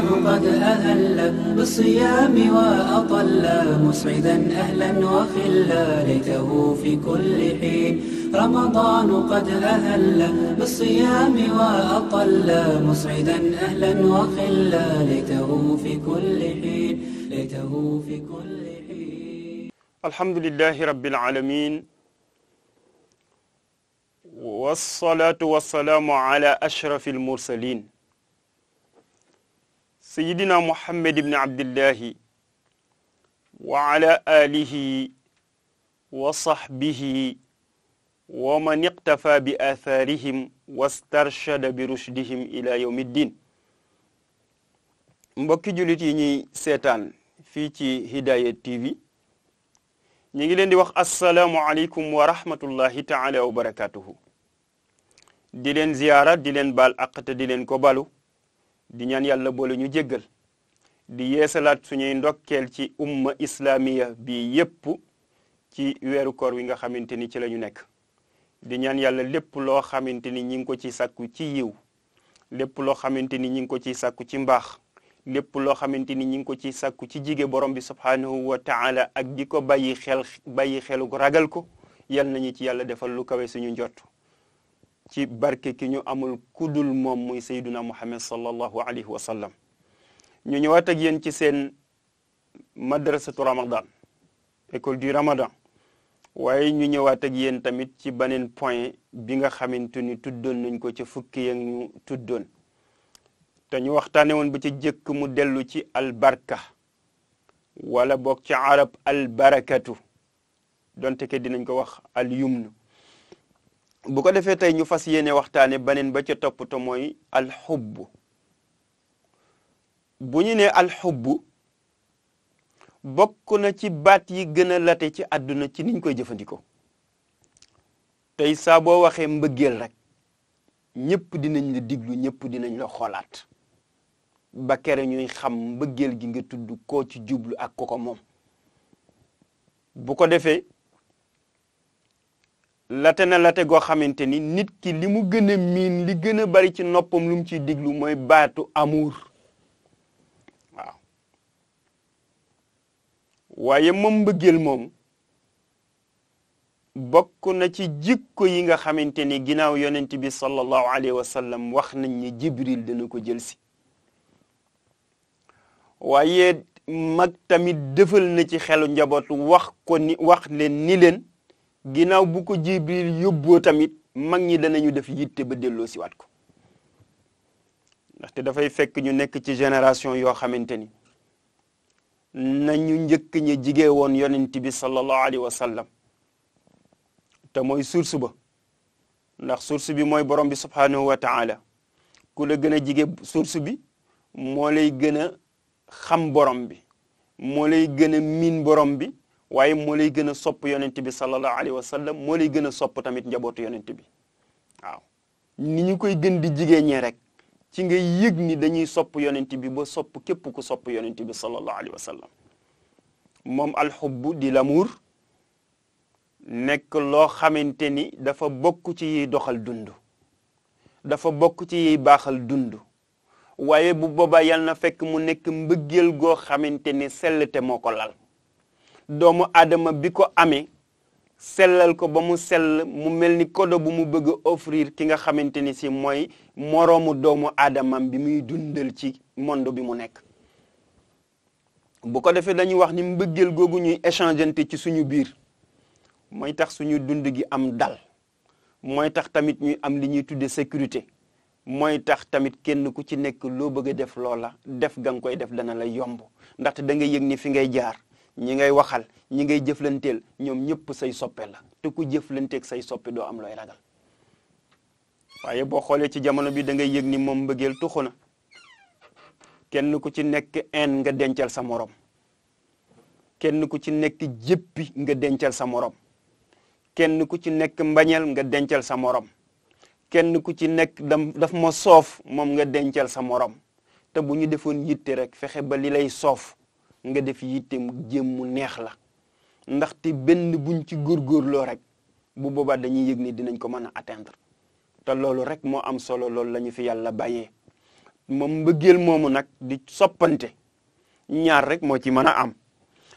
الله قد أهل بالصيام وأطل مسعدا أهلا وخلا ليته في كل حين رمضان قد أهل بالصيام وأطل مسعدا أهلا وخلا ليته في كل حين ليته في كل حين الحمد لله رب العالمين والصلاة والسلام على أشرف المرسلين sayidina muhammad ibni abdillahi wa ala alihi wa sahbihi wa man iqtafa bi athaarihim wastarshada bi rushdihim ila yawmi ddin mbokki jullit yi ñuy seetaan fii ci Hidaya TV ñu ngi leen di wax assalaamu aleykum wa rahmatullahi taala wa barakatuhu di leen ziyaara di leen baal di leen ko balu di ñaan yàlla boole ñu jéggal di yeesalaat suñuy ndokkeel ci umma islamiya bi yépp ci weeru koor wi nga xamante ni ci lañu nekk di ñaan yàlla lépp loo xamante ni ñi ngi ko ci sàkku ci yiw lépp loo xamante ni ñi ngi ko ciy sàkku ci mbaax lépp loo xamante ni ñi ngi ko ciy sàkku ci jige borom bi subhaanahu wa taala ak di ko bàyyi xel bàyyi xelu ragal ko yal nañu ci yàlla defal lu kawe suñu njott ci barke ki ñu amul kudul moom muy sayduna muhammad sallallahu alayhi wa sallam ñu ñëwaat ak yéen ci seen madrasatu ramadan école du ramadan waaye ñu ñëwaat ak yéen tamit ci beneen point bi nga xamante ni tuddoon nañ ko ci fukki ya tuddoon te ñu waxtaane woon ba ci jëkk mu dellu ci albarka wala boog ci arab albarakatu donte ke dinañ ko wax al yumnu bu ko defee tey ñu fas yéene waxtaane beneen ba ca topp te mooy alxubb bu ñu nee alxubb bokk na ci baat yi gën a late ci àdduna ci niñ koy jëfandikoo tey saa boo waxee mbëggeel rek ñëpp dinañ la diglu ñëpp dinañ la xoolaat ba kere ñuy xam mbëggeel gi nga tudd ko ci jublu ak ko moom bu ko defee late na late goo xamante ni nit ki li mu gën a miin li gën a bari ci noppam lu ci ciy diglu mooy baatu amour waaw waaye moom mbëggeel moom bokk na ci jikko yi nga xamante ni ginnaaw yonent bi sallallahu alayhi wa wax nañ ñi Jibril dina ko jël si waaye mag tamit dëfal na ci xelu njabootu wax ko ni wax leen ni leen ginnaaw bu ko jibril yóbboo tamit mag ñi danañu def yitte ba delloo siwaat ko ndaxte dafay fekk ñu nekk ci génération yoo xamante ni ñu njëkk ñi jigee woon yonent bi sallallahu alayhi wa sallam te mooy source ndax source bi mooy borom bi subhanahu wa taala ku la gën a jige source bi moo lay gën a xam borom bi moo lay gën a miin borom bi waaye moo lay gën a sopp yonent bi sallallahu alayhi wa moo lay gën a sopp tamit njabootu yonent bi waaw ni ñu koy gën di jigéen ñi rek ci nga yëg ni dañuy sopp yonent bi ba sopp képp ku sopp yonent bi sallallahu alayhi wa sallam moom alxubbu di l'amour nekk loo xamante ni dafa bokk ci yiy doxal dund dafa bokk ci yiy baaxal dund waaye bu boobaa na fekk mu nekk mbëggeel goo xamante ni sellte moo ko lal doomu aadama bi ko amee sellal ko ba mu sell mu mel ni kodo bu mu bëgg a ki nga xamante ni si mooy moroomu doomu aadamam bi muy dundal ci monde bi mu nekk bu ko defee dañuy wax ni mbëggeel googu ñuy échangeante ci suñu biir mooy tax suñu dund gi am dal mooy tax tamit ñuy am li ñuy tuddee sécurité mooy tax tamit kenn ku ci nekk loo bëgg a def loola def ga nga koy def dana la yomb ndaxte da nga yëg ni fi ngay jaar ñi ngay waxal ñi ngay jëflanteel ñoom ñëpp say soppe la te ku jëflanteeg say soppe doo am looy ragal waaye boo xoolee ci jamono bi da ngay yëg ni moom mbëggeel tuxu na kenn ku ci nekk en nga dencal sa morom kenn ku ci nekk jëppi nga dencal sa morom kenn ku ci nekk nga dencal sa morom kenn ku ci nekk daf ma soof moom nga dencal sa morom te bu ñu defoon yitte rek fexe ba li lay soof nga def yittem jéem mu neex la ndaxte benn buñ ci góorgóorloo rek bu boobaa dañuy yëg ni dinañ ko mën a atteindre te loolu rek moo am solo loolu lañu fi yàlla bàyyee moom mbëggeel moomu nag di soppante ñaar rek moo ci mën a am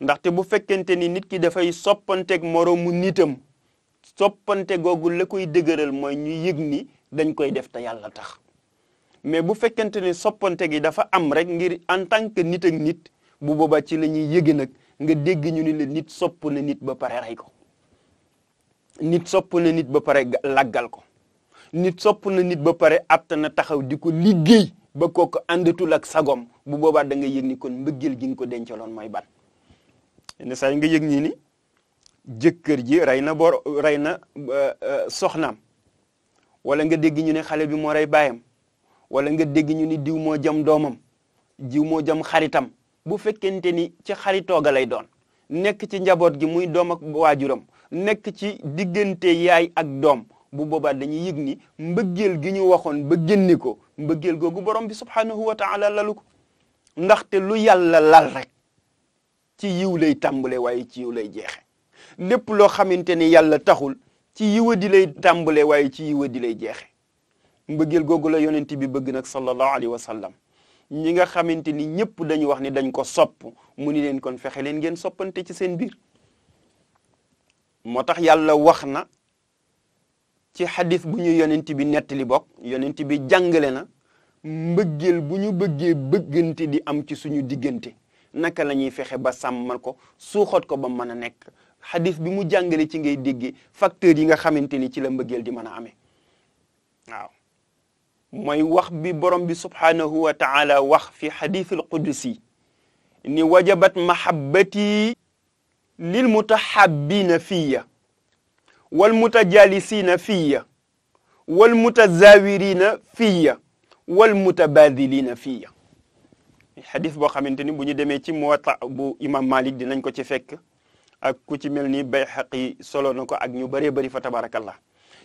ndaxte bu fekkente ni nit ki dafay soppanteeg moroomu nitam soppante googu la koy dëgëral mooy ñu yëg ni dañ koy def te yàlla tax mais bu fekkente ni soppante gi dafa am rek ngir en tant que nit ak nit bu boobaa ci la ñuy yëge nag nga dégg ñu ni la nit sopp na nit ba pare rey ko nit sopp na nit ba pare laggal ko nit sopp na nit ba pare àtt na taxaw di ko liggéey ba kooku àndatul ak sagoom bu boobaa da nga yëg ni kon mbëggeel gi nga ko dencaloon mooy ban. yenn saa yi nga yëg nii ni jëkkër ji rey na bor na soxnaam wala nga dégg ñu ne xale bi moo rey baayam wala nga dégg ñu ni diw moo jam doomam diw moo jam xaritam bu fekkente ni ci xaritooga lay doon nekk ci njaboot gi muy doom ak waajuram nekk ci diggante yaay ak doom bu boobaa dañuy yëg ni mbëggeel gi ñu waxoon ba ko mbëggeel googu borom bi subhanahu wa taala lalu ko ndaxte lu yàlla lal rek ci yiw lay tàmbale waaye ci yiw lay jeexe lépp loo xamante ni yàlla taxul ci yiwa di lay tàmbale waaye ci yiwa di lay jeexe mbëggeel googu la yonent bi bëgg nag sallallahu alayhi wa ñi nga xamante ni ñëpp dañu wax ni dañ ko sopp mu ni leen kon fexe leen ngeen soppante ci seen biir moo tax yàlla wax na ci xadis bu ñu yonent bi nettali bokk yonent bi jàngale na mbëggeel bu ñu bëggee bëggante di am ci suñu diggante naka lañuy fexe ba sàmmal ko suuxat ko ba mën a nekk xadis bi mu jàngale ci ngay déggee facteurs yi nga xamante ni ci la mbëggeel di mën a amee waaw moy wax bi borom bi subhanahu wa taala wax fi hadith al-qudsi ni wajabat mahabbati lil mutahabbin fiya wal mutajalisina fiya wal mutazawirina fiya wal mutabadilina fiya hadith bo xamanteni buñu démé ci muwatta bu imam malik dinañ ko ci fekk ak ku ci melni bayhaqi solo nako ak ñu bari bari fa tabarakallah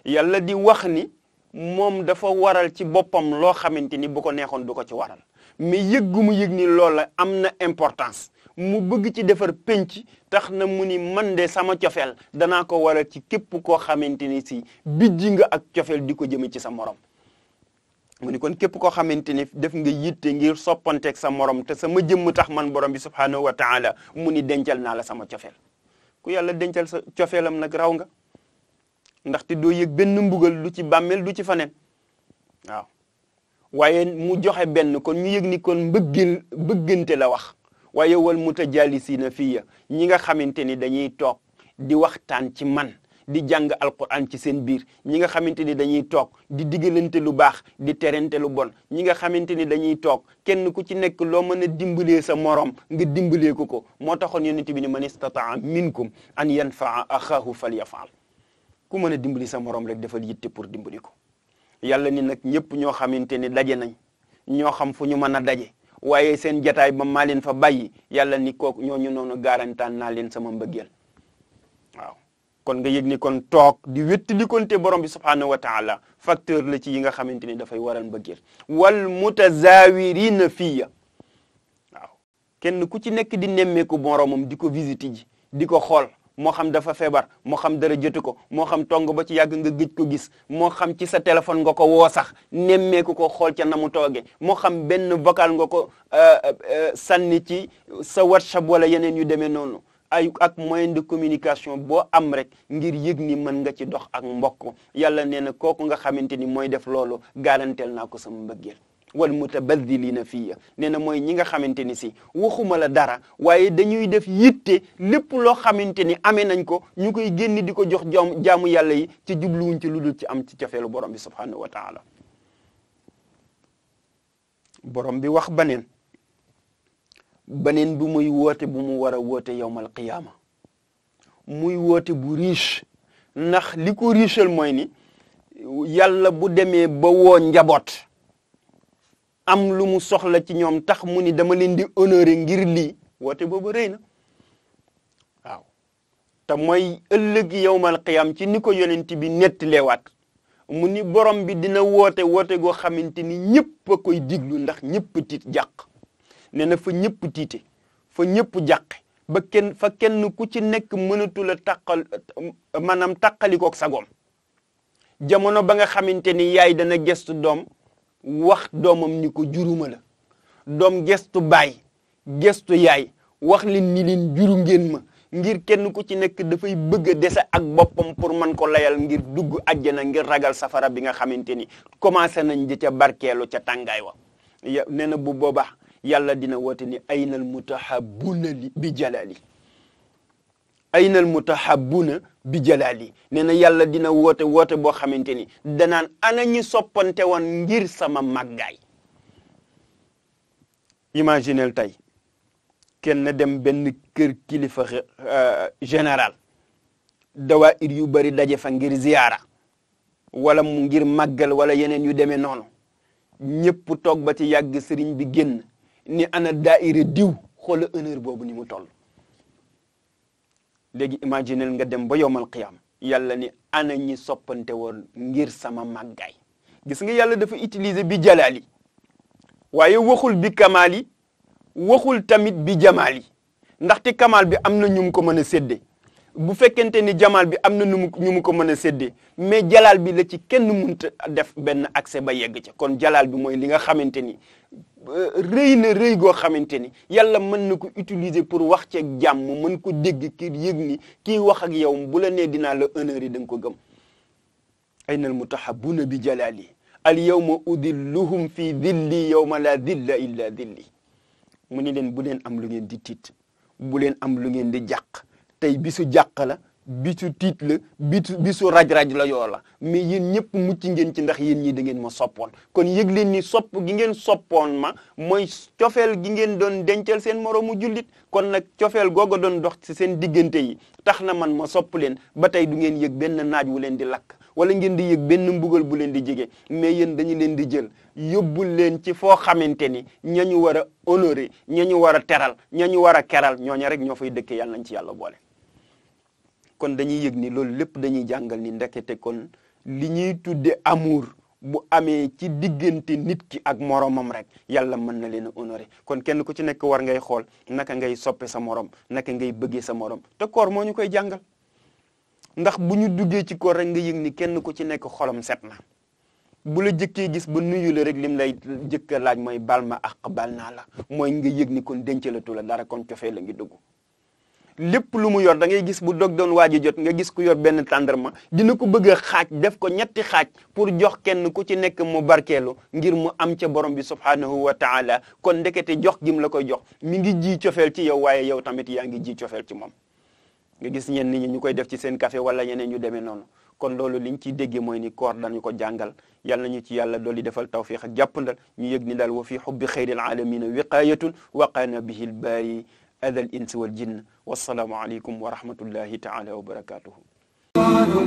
yàlla di wax ni moom dafa waral ci boppam loo xamante ni bu ko neexoon du ko ci waral mais yëg yëg ni loola am na importance mu bëgg ci defar penc tax na mu ni man de sama cofeel danaa ko waral ci képp koo xamante ni si bijji nga ak cofeel di ko jëme ci sa morom mu ni kon képp koo xamante ni def nga yitte ngir soppanteeg sa morom te sama jëmm tax man borom bi subhaanahu wa taala mu ni dencal naa la sama cofeel ku yàlla dencal sa cofeelam nag raw nga ndaxte doo yëg benn mbugal du ci bàmmeel du ci faneen waaw waaye mu joxe benn kon ñu yëg ni kon mbëggil bëggante la wax waaye wal mutajalisina fiya ñi nga xamante ni dañuy toog di waxtaan ci man di jàng alquran ci seen biir ñi nga xamante ni dañuy toog di digalante lu baax di terante lu bon ñi nga xamante ni dañuy toog kenn ku ci nekk loo mën a dimbalee sa morom nga dimbalee ko ko moo taxoon yonent bi ne man istataa minkum an yanfaa axaahu falyafaal ku mën a dimbali sa moroom rek defal yitte pour dimbali ko yàlla ni nag ñëpp ñoo xamante ni daje nañ ñoo xam fu ñu mën a daje waaye seen jataay ba maa leen fa bàyyi yàlla ni kooku ñooñu noonu garantaan naa leen sama mbëggeel waaw kon nga yëg ni kon toog di wéttali konte borom bi subhanahu wa taala facteur la ci yi nga xamante ni dafay waral mbëggeel wal mutazawirina fiya waaw kenn ku ci nekk di nemmeeku boromam di ko visite ji di ko xool moo xam dafa feebar moo xam dara jotu ko moo xam tong ba ci yàgg nga gëj ko gis moo xam ci sa téléphone nga ko woo sax nemmeeku ko xool ca na mu tooge moo xam benn vocal nga ko euh, euh, sànni ci sa WhatsApp wala yeneen yu demee noonu ay ak moyen de communication boo am rek ngir yëg ni mën nga ci dox ak mbokk yàlla nee na kooku nga xamante ni mooy def loolu garanteel naa ko sama mbëggeel wal mutabadilina fiya nee na mooy ñi nga xamante ni si waxuma la dara waaye dañuy def yitte lépp loo xamante ni amee nañ ko ñu koy génn di ko jox jom jaamu yàlla yi ci jubluwuñ ci lu dul ci am ci cofeelu borom bi subhanahu wa borom bi wax baneen baneen bu muy woote bu mu war a woote yowmal qiyaama muy woote bu riche ndax li ko richel mooy ni yàlla bu demee ba woo njaboot am lu mu soxla ci ñoom tax mu ni dama leen di honorer ngir lii woote boobu rëy na waaw ta mooy ëllëg yowmal qiyam ci ni ko yonent bi nettaleewaat mu ni borom bi dina woote woote goo xamante ni ñëpp a koy diglu ndax ñëpp tiit jàq nee na fa ñëpp tiite fa ñëpp jàq ba kenn fa kenn ku ci nekk mënatul a taqal maanaam taqalikook sagoom jamono ba nga xamante ni yaay dana gestu doom wax doomam ni ko juruma la doom gestu baay gestu yaay wax leen ni leen juru ma ngir kenn ku ci nekk dafay bëgg a dese ak boppam pour man ko layal ngir dugg àjjana ngir ragal safara bi nga xamante ni commencé nañ di ca barkeelu ca tàngaay wa nee na bu booba yàlla dina woote ni aynal mutahabuna bi jalali ayna al mutahabbuna bi jalaali nee na yàlla dina woote woote boo xamante ni danaan ana ñi soppante woon ngir sama màggaay imaginel tey kenn dem benn kër kilifa euh, général dawaayir yu bari daje fa ngir ziyaara wala mu ngir màggal wala yeneen yu demee noonu ñëpp toog ba ci yàgg sëriñ bi génn ni ana daaira diw xoola honneur boobu ni mu toll léegi imaginel nga dem ba yowmal qiyaam yàlla ni ana ñi soppante woon ngir sama màggaay gis nga yàlla dafa utiliser bi jalaali waaye waxul bi kamaali waxul tamit bi jamaali ndaxte kamaal bi am na ñu mu ko mën a séddee bu fekkente ni jamaal bi am na nu ñu mu ko mën a séddee mais jalaal bi la ci kenn mënta def benn accès ba yegg ca kon jalal bi mooy li nga xamante ni rëy na rëy goo xamante ni yàlla mën na ko utiliser pour wax ceeg jàmm mën ko dégg ki yëg ni kii wax ak yow bu la nee dinaa la honneur yi da nga ko gëm ayna al mutahabuna bi jalali al yawma udilluhum fi dilli yawma la dilla illa dilli mu ni leen bu leen am lu ngeen di tiit bu leen am lu ngeen di jàq tey bisu jàq la bisu tiit la bisu bisu raj-raj la yoo la mais yéen ñëpp mucc ngeen ci ndax yéen ñii da ngeen ma soppoon kon yëg leen ni sopp gi ngeen soppoon ma mooy cofeel gi ngeen doon dencal seen moroomu jullit kon nag cofeel googa doon dox ci seen diggante yi tax na man ma sopp leen ba tey du ngeen yëg benn naaj wu leen di lakk wala ngeen di yëg benn mbugal bu leen di jege mais yéen dañu leen di jël yóbbu leen ci foo xamante ni ña ñu war a honorer ña ñu war a teral ña ñu war a keral ñooña rek ñoo fay dëkkee yàlla nañ ci boole kon dañuy yëg ni loolu lépp dañuy jàngal ni ndekete kon li ñuy tudde amur bu amee ci diggante nit ki ak moromam rek yàlla mën na leen a kon kenn ku ci nekk war ngay xool naka ngay soppe sa morom naka ngay bëggee sa morom te koor moo ñu koy jàngal ndax bu ñu duggee ci koor rek nga yëg ni kenn ku ci nekk xolom set na bu la jëkkee gis ba nuyu la rek lim lay jëkka laaj mooy bal ma ak bal naa la mooy nga yëg ni kon denc la tu la dara kon cofee la ngi dugg lépp lu mu yor da ngay gis bu dog doon waaj a jot nga gis ku yor benn tàndarma dina ko bëgg a xaaj def ko ñetti xaaj pour jox kenn ku ci nekk mu barkeelu ngir mu am ca borom bi subhaanahu wa taala kon ndekete jox gim la koy jox mi ngi ji cofeel ci yow waaye yow tamit yaa ngi ji cofeel ci moom nga gis ñenn ni ñu koy def ci seen kafe wala ñeneen ñu demee noonu kon loolu liñ ciy déggee mooy ni koor dañu ko jàngal yàlla ñu ci yàlla dolli defal tawfiq ak jàppandal ñu yëg ni daal wa fi xubbi xayril alamina wiqayatun waqaana bihi lbaari أذى الإنس والجن والسلام عليكم ورحمة الله تعالى وبركاته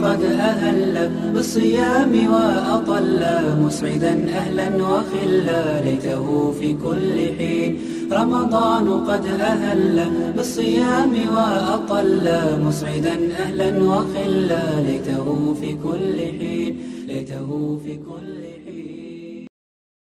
قد أهل بالصيام وأطل مسعدا أهلا وخلا ليته في كل حين رمضان قد أهل بالصيام وأطل مسعدا أهلا وخلا ليته في كل حين ليته في كل